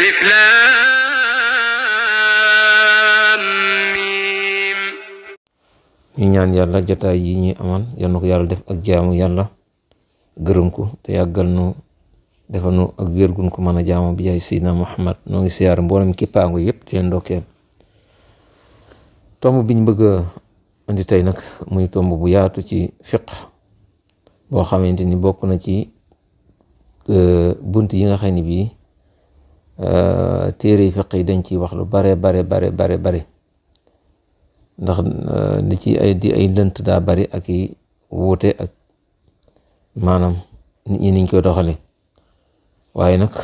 ألف ñu ñaan yàlla jataay yi ñuy aman yal na ko yàlla def ak jaamu yàlla gërëm ko te yàggal nu defal ak wér ko mën a jaamu bi jaay Seydina Muhammad noo ngi siyaar mboolem kippaango yëpp di leen ndokkeel tomb biñ bëgg a indi tey nag muy tomb bu yaatu ci fiq boo xamante ni bokk na ci euh, bunt yi nga xam bii Euh, téere yi fiq yi dañ ciy wax lu bare bare bare bare bare ndax li euh, ci ay di ay lënt daa bari ak i wuute ak maanaam nit ñi niñ koy doxale waaye nag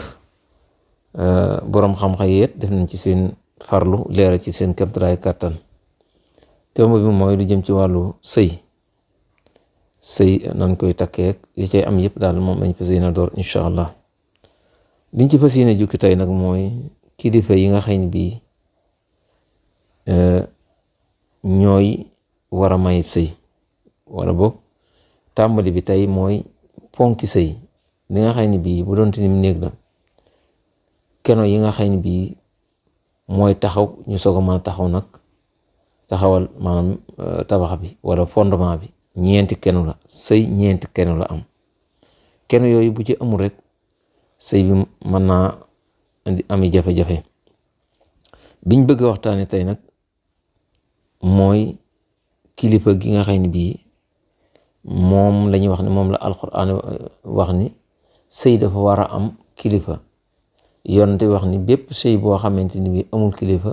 euh, boroom xam-xam yeet def nañ ci seen farlu leeral ci seen kéemtalaay kàttan tomb bi mooy du jëm ci wàllu sëy sëy nañ koy takkee yi cay am yëpp daal moom lañ fas yéene door incha allah liñ ci fas yéene jukki tey nag mooy kilifa yi nga xay xañ bi e, ñooy war a mayib sëy wala boog tàmbali bi tey mooy ponki sëy li nga xañ bii bu doon tinim néeg la keno yi nga xañ bii mooy taxaw ñu soog a mën a taxaw nag taxawal maanaam e, tabax bi wala fondement bi ñeenti kenu la sëy ñeenti kenu la am kenu yooyu bu ci amul rek sëy bi mën naa indi ami jafe-jafe biñ bëgg a waxtaane tey nag mooy kilifa gi nga xay ne bii moom lañuy wax ne moom la alquran wax ni sëy dafa war a am kilifa yonte wax ni bépp sëy boo xamante ni bii amul kilifa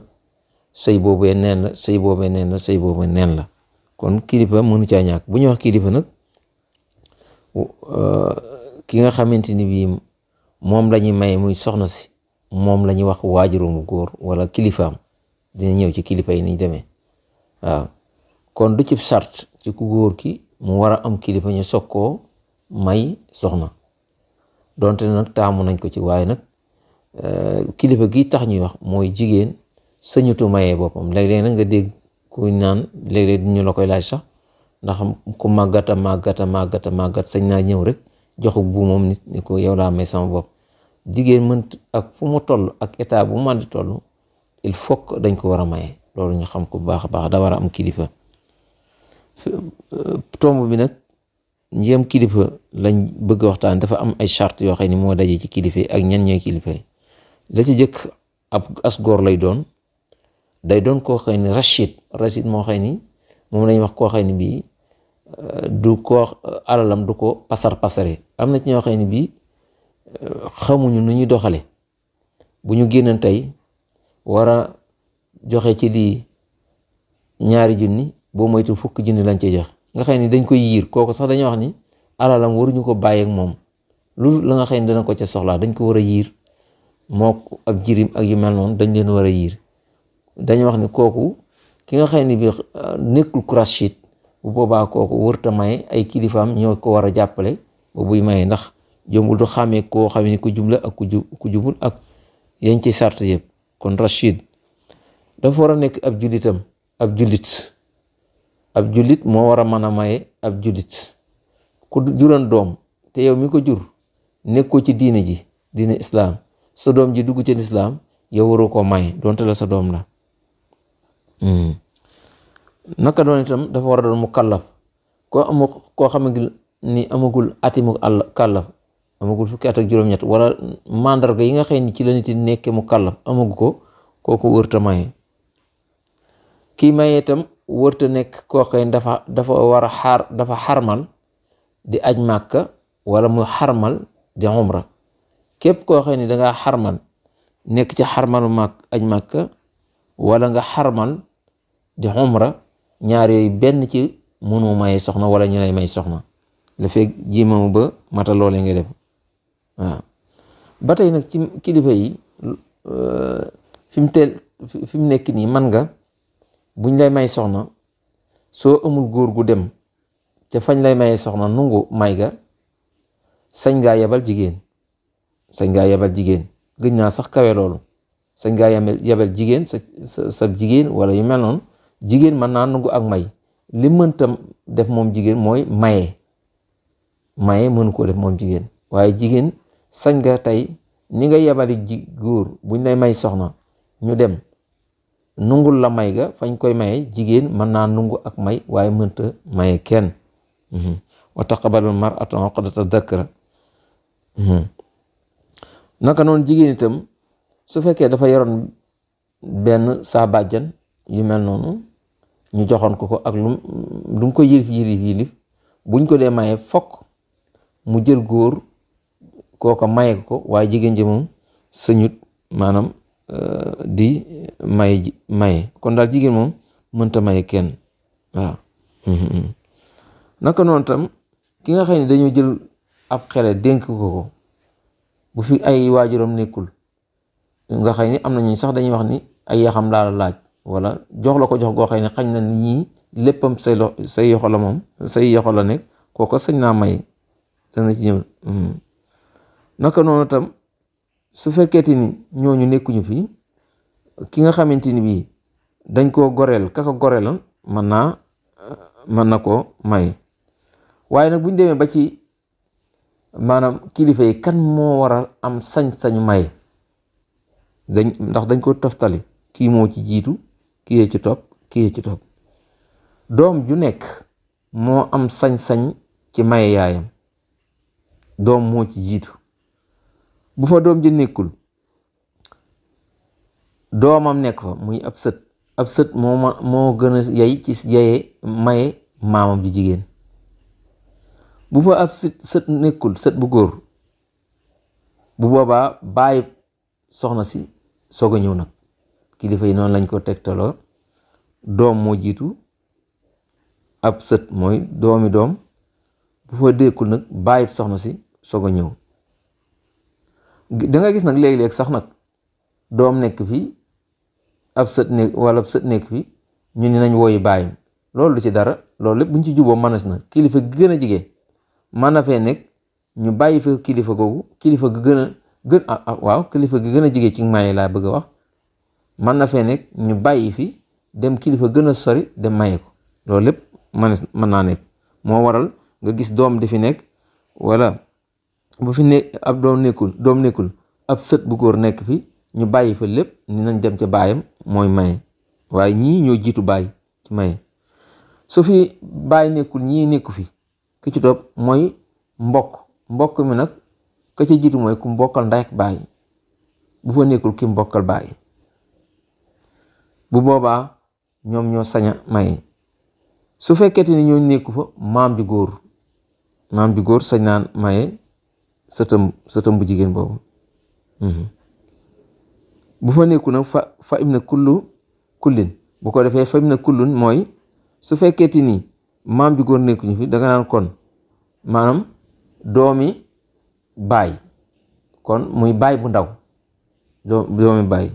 sëy boobee neen la sëy boobee neen la sëy boobee neen la kon kilifa mënu caa ñàkk bu ñu wax kilifa nag euh, ki nga xamante ni moom lañuy ñu may muy soxna si moom lañuy ñuy wax waajuróomu góor wala kilifaam dina ñëw ci kilifa yi niñ demee waaw kon du ci sart ci ku góor ki mu war a am kilifa ñu soog koo may soxna donte nag taamu nañ ko ci waaye nag euh, kilifa gi tax ñuy wax mooy jigéen sëñutu maye boppam léeg-léeg nag nga dégg ku naan léeg-léeg ñu la koy laaj sax ndax ku màggata màggata màggata màggat sañ naa ñëw rek joxu bu moom nit ni ko yow laa may sama bopp jigéen mën ak fu mu toll ak état bu mën di toll il faut que dañ ko war a may loolu ñu xam ko bu baax a baax da war a am kilifa euh, tomb bi nag njéem kilifa lañ bëgg a waxtaan dafa am ay charte yoo xam ni moo daje ci kilifa ak ñan ñooy kilifa yi la ci jëkk ab as lay doon day doon koo xam ni rachid rachid moo xam moom lañ wax koo xam bii Euh, du ko euh, alalam du ko pasar pasare am na ci ñoo xam ne bii euh, xamuñu nu ñuy doxale bu ñu génnoon tey war a joxe ci lii ñaari junni boo moytu fukk junni lañ cee jox nga xay ni dañ koy yiir kooku sax dañuy wax ni alalam waruñu ko bàyyi ak moom lu la nga xam ne dana ko ca soxlaa dañ ko war a yiir moo ak jirim ak yu mel noonu dañ leen war a yiir dañu wax ni kooku ki nga xam ne bi nekkul kurashit bu boobaa kooku wërta maye ay kilifaam ñoo ko war a jàppale ba buy maye ndax jombul du xàmmee koo xam ne ku jub la ak ku jub ak yañ ci sart yëpp kon Rachid dafa war a nekk ab jullitam ab jullit ab jullit moo war a mën a maye ab jullit ku juran doom te yow mi ko jur nekkoo ci diine ji diine islaam sa doom ji dugg ci lislaam yow waru ko may donte la sa doom la. Hmm. naka doon itam dafa war a doon mu kàllaf koo amu koo xamagul ni amagul ati mu àll kàllaf amagul fukki at ak juróom-ñett wala mandarga yi nga xëy ni ci la nit nekkee mu kàllaf amagu ko kooku wërta maye kii maye tam wërta nekk koo xëy dafa dafa war a xarmal di aj màkka wala mu xarmal di képp koo xëy ni dangaa xarmal nekk ci xarmalu màkk aj màkka wala nga xarmal di umra ñaar yooyu benn ci mënoo may soxna wala ñu lay may soxna la fekk jiimamu ba mata loolee nga def waaw ba tey nag ci kilifa yi euh, fi mu teel nekk nii man nga buñ lay may soxna soo amul góor gu dem ca fañ lay maye soxna nungu may ga sañ ngaa yebal jigéen sañ ngaa yebal jigéen gëj naa sax kawe loolu sañ ngaa yebal jigéen sa sa jigéen wala yu mel noonu jigéen mën naa nangu ak may li mënta def moom jigéen mooy maye maye mënu koo def moom jigéen waaye jigéen sañ ga tey ni nga yebali ji góor buñ lay may soxna ñu dem nungul la may ga fañ koy maye jigéen mën naa nungu ak may waaye mënta maye kenn mhm. wa taqabalul mar'atu uqdata dhakra mhm. naka noonu jigéen su fekkee dafa yoroon benn saa bàjjan yu mel noonu ñu joxoon ko ko ak lu lu mu ko yilif yilif yilif buñ ko dee maye fokk mu jël góor kooko maye ko waaye jigéen ji moom sëñut maanaam euh, di may maye kon daal jigéen moom mënta maye kenn naka noonu tam ki nga xam ne dañoo jël ab xele dénk ko ko bu fi ay waajuram nekkul nga xam ni am na ñuy sax dañuy wax ni ay yaxam laa la laaj wala jox la ko jox goo xëy ne xañ na nit ñi léppam say lo say yoxo la moom say yoxo la nekk kooko sañ naa may dana ci ñëw hmm. naka noonu tam su fekkeeti ni ñooñu nekkuñu fii ki nga xamante ni bii dañ koo goreel kaka goreelan mën naa eh, mën na koo may waaye nag buñ demee ba ci maanaam kilifa yi kan moo war am sañ-sañu may dañ ndax dañ ko toftali kii moo ci jiitu kii ci topp kii ci topp doom ju nekk moo am sañ-sañ ci maye yaayam doom moo ci jiitu bu fa doom ji nekkul doomam nekk fa muy ab sët ab sët moo ma moo gën a yay ci yaye maye maamam ju jigéen bu fa ab sët sët nekkul sët bu góor bu boobaa bàyyi soxna si soog a ñëw nag kilifa yi noonu lañ ko tegtaloo doom moo jiitu ab sët mooy doomi doom bu fa dékkul nag bàyyi soxna si soog a ñëw da gis nag léeg-léeg sax nag doom nekk fi ab sët nekk wala ab sët nekk fi ñu ni nañ wooyi bàyyim loolu du ci dara loolu lépp buñ ci juboo mën na kilifa gi gën a jigee mën na fee nekk ñu bàyyi fa kilifa googu kilifa gi gën a gën ah, ah waaw kilifa gi gën a jigee ci may laa bëgg a wax mën na fee nekk ñu bàyyi fi dem kilifa gën a sori de maye ko loolu lépp man naa nekk moo waral nga gis doom di fi nekk walla bu fi nekk ab doom nekkul doom nekkul ab sët bu góor nekk fi ñu bàyyi fa lépp ni nañ dem ca baayam mooy maye waaye ñii ñoo jiitu baay ci maye su fi baay nekkul ñii nekku fi ki ci topp mooy mbokk mbokk mi nag ka ca jiitu mooy ku mbokkal ndey ak baay bu fa nekkul ki mbokkal baay bu boobaa ñoom ñoo sañ a maye su fekkete ni ñoo nekku fa maam ju góor maam ju góor sañ naan maye sëtam sëtam bu jigéen boobu mhm. bu fa nekku nag fa im na kullu kullin bu ko defee fa im na kullun mooy su fekkete ni maam ju góor nekkuñu fi danga naan kon maanaam doomi baay kon muy baay bu ndaw doomi baay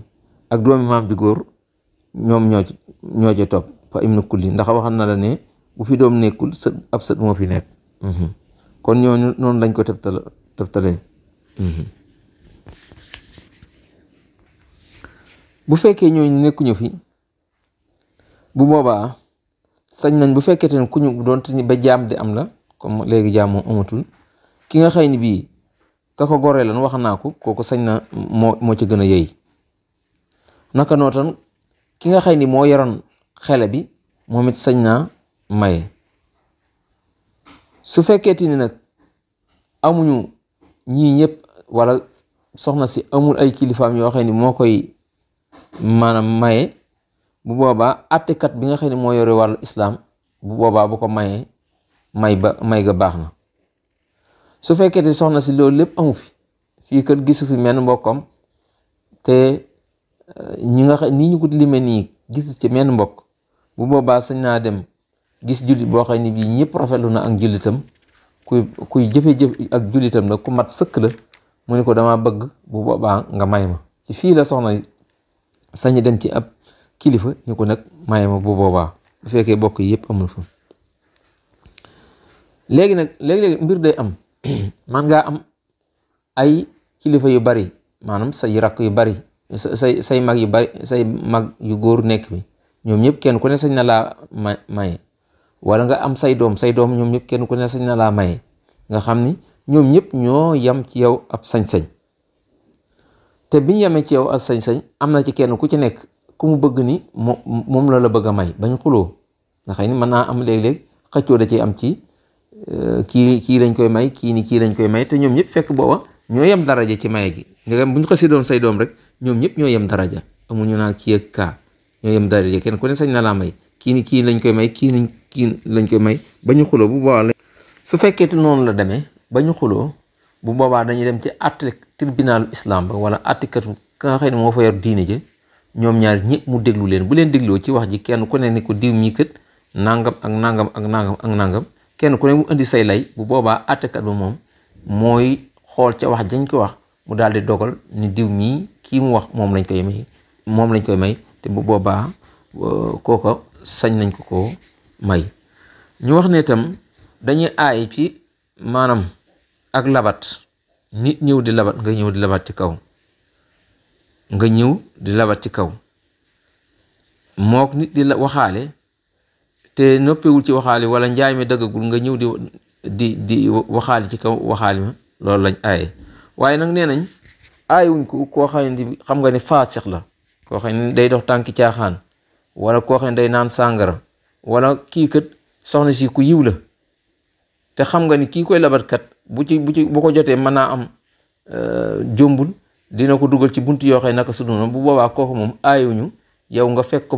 ak doomi maam ju góor ñoom ñoo ci ñoo ci topp fa im na kulli ndax waxal na la ne bu fi doom nekkul sët ab sët moo fi nekk mhm. kon ñooñu noonu lañ ko tëbtal tëbtalee mhm. bu fekkee ñooñu nekkuñu fi bu boobaa sañ nañ bu fekkee te ku ñu doon te ba jaam di am la comme léegi jaam moom amatul ki nga xëy ni bii ka ko goree lan wax naa ko kooku sañ na moo moo ci gën a yey naka nootan ki nga xëy ni moo yoroon xele bi moom it sañ naa maye su fekkeeti ni nag amuñu ñii ñëpp wala soxna si amul ay kilifaam yoo xam ni moo koy maanaam maye bu boobaa àttekat bi nga xam ne moo yore wàllu islaam bu boobaa bu ko mayee may ba may ga baax na su fekkeeti soxna si loolu lépp amu fi fii kër gisu fi menn mbokkam te ñi nga nii ñu ko limee nii gis ci menn mbokk bu boobaa sañ naa dem gis jullit boo xam ne bii ñëpp rafetlu na ak jullitam kuy kuy jëfe-jëf ak jullitam nag ku mat sëkk la mu ne ko dama bëgg bu boobaa nga may ma ci fii la soxna sañ dem ci ab kilifa ñu ko nag may ma bu boobaa bu fekkee bokk yi yëpp amul fa léegi nag léegi mbir day am man ngaa am ay kilifa yu bari maanaam say rakk yu bari say say mag yu bari say mag yu góor nekk fi ñoom ñëpp kenn ku ne sañ na laa ma maye wala nga am say doom say doom ñoom ñëpp kenn ku ne sañ na laa maye nga xam ni ñoom ñëpp ñoo yam ci yow ab sañ-sañ te biñ yamee ci yow ab sañ am na ci kenn ku ci nekk ku mu bëgg ni moom la la bëgg may bañ xuloo nga xam ni mën naa am léeg-léeg da ci am ci euh, kii kii lañ koy may kii ni kii lañ koy may ñoom ñëpp fekk booba ñoo yam daraja ci maye gi nga xam bu ñu xasi doon say doom rek ñoom ñëpp ñoo yem daraja amuñu naa kii ak kaa ñoo yem daraja kenn ku ne sañ na laa may kii ni kii lañ koy may kii ni kii lañ koy may ba ñu xuloo bu boobaa su fekkee noonu la demee ba ñu xuloo bu boobaa dañuy dem ci àtte tribunal islam ba wala àttekat ka nga xam ne moo fa yor diine ji ñoom ñaar ñi mu déglu leen bu leen dégloo ci wax ji kenn ku ne ni ko diw ñi kët nangam ak nangam ak nangam ak nangam kenn ku ne mu indi say lay bu boobaa àttekat ba moom mooy xool ca wax jañ ko wax mu daal di dogal ni diw mii kii mu wax moom lañ koy may moom lañ koy may te bu boobaa euh, kooka sañ nañ ko ko may ñu wax ne tam dañuy aay ci maanaam ak labat nit ñëw di labat nga ñëw di labat ci kaw nga ñëw di labat ci kaw mook nit di waxaale te noppiwul ci waxaale wala njaay mi dëggagul nga ñëw di di di waxaale ci kaw waxaal ma loolu lañ aaye waaye nag nee nañ aayuñ ko koo xam ne xam nga ni faasix la koo xam day dox tànki caaxaan wala koo xam day naan sàngara wala kii kat soxna si ku yiw la te xam nga ni kii koy labatkat bu ci bu ci bu ko jotee mën naa am euh, jombul dina ko dugal ci bunt yoo xam ne naka su bu boobaa kooku moom aayuñu yow nga fekk